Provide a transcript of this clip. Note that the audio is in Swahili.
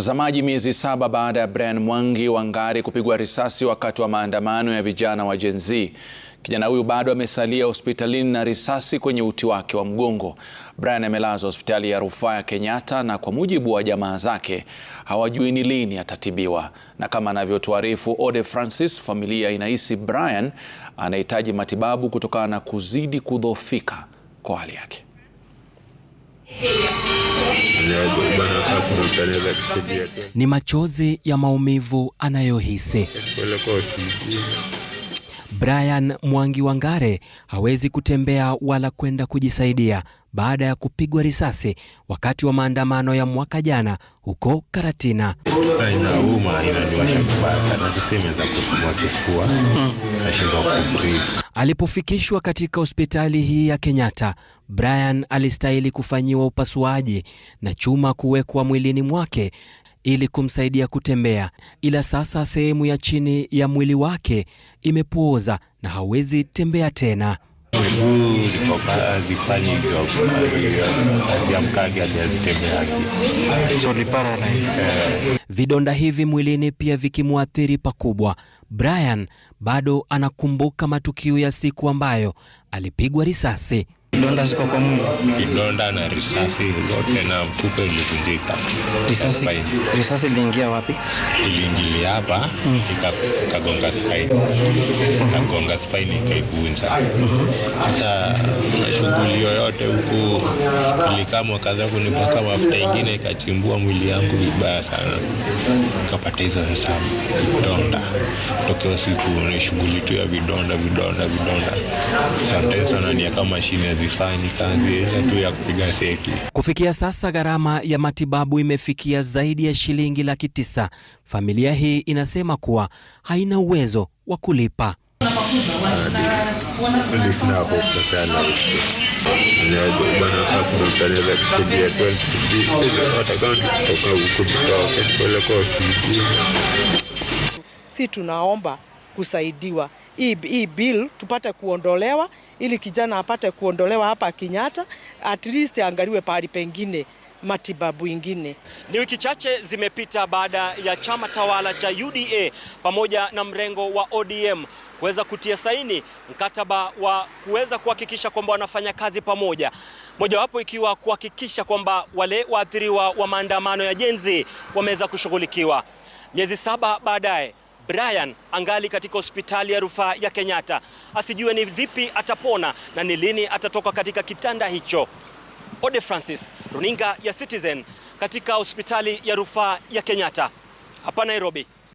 Mtazamaji, miezi saba baada ya Brian Mwangi wa ngari kupigwa risasi wakati wa maandamano ya vijana wa Gen Z, kijana huyu bado amesalia hospitalini na risasi kwenye uti wake wa mgongo. Brian amelazwa hospitali ya rufaa ya Kenyatta na kwa mujibu wa jamaa zake hawajui ni lini atatibiwa, na kama anavyotuarifu Ode Francis, familia inahisi Brian anahitaji matibabu kutokana na kuzidi kudhoofika kwa hali yake. Yaani, ni machozi ya maumivu anayohisi. Brian Mwangi Wangare hawezi kutembea wala kwenda kujisaidia baada ya kupigwa risasi wakati wa maandamano ya mwaka jana huko Karatina. Inauma, inaniwasha sana, za kifua, mm. nashindwa kubreathe Alipofikishwa katika hospitali hii ya Kenyatta, Brian alistahili kufanyiwa upasuaji na chuma kuwekwa mwilini mwake ili kumsaidia kutembea, ila sasa sehemu ya chini ya mwili wake imepooza na hawezi tembea tena. Miguu eh. vidonda hivi mwilini pia vikimwathiri pakubwa. Brian bado anakumbuka matukio ya siku ambayo alipigwa risasi. Kidonda ziko kwa mwili, kidonda na risasi zote na mfuko ilivunjika. Risasi risasi iliingia wapi? Iliingilia hapa mm. Ikagonga spine, mm-hmm. ikagonga spine ikaivunja. Mm-hmm. Sasa na shughuli yoyote huku ilikamwa kadhaa kunipaka mafuta ingine ikachimbua mwili yangu vibaya sana, nikapata hizo sasa vidonda tokeo siku ni shughuli tu ya vidonda vidonda vidonda, sometimes anania kama mashine haifanyi kazi tu ya kupiga seki. Kufikia sasa gharama ya matibabu imefikia zaidi ya shilingi laki tisa. Familia hii inasema kuwa haina uwezo wa kulipa. Si tunaomba kusaidiwa hii bill tupate kuondolewa, ili kijana apate kuondolewa hapa Kenyatta, at least angaliwe pahali pengine matibabu ingine. Ni wiki chache zimepita baada ya chama tawala cha UDA pamoja na mrengo wa ODM kuweza kutia saini mkataba wa kuweza kuhakikisha kwamba wanafanya kazi pamoja, mojawapo ikiwa kuhakikisha kwamba wale waathiriwa wa maandamano ya jenzi wameweza kushughulikiwa. Miezi saba baadaye Brian angali katika hospitali ya rufaa ya Kenyatta, asijue ni vipi atapona na ni lini atatoka katika kitanda hicho. Ode Francis, runinga ya Citizen, katika hospitali ya rufaa ya Kenyatta hapa Nairobi.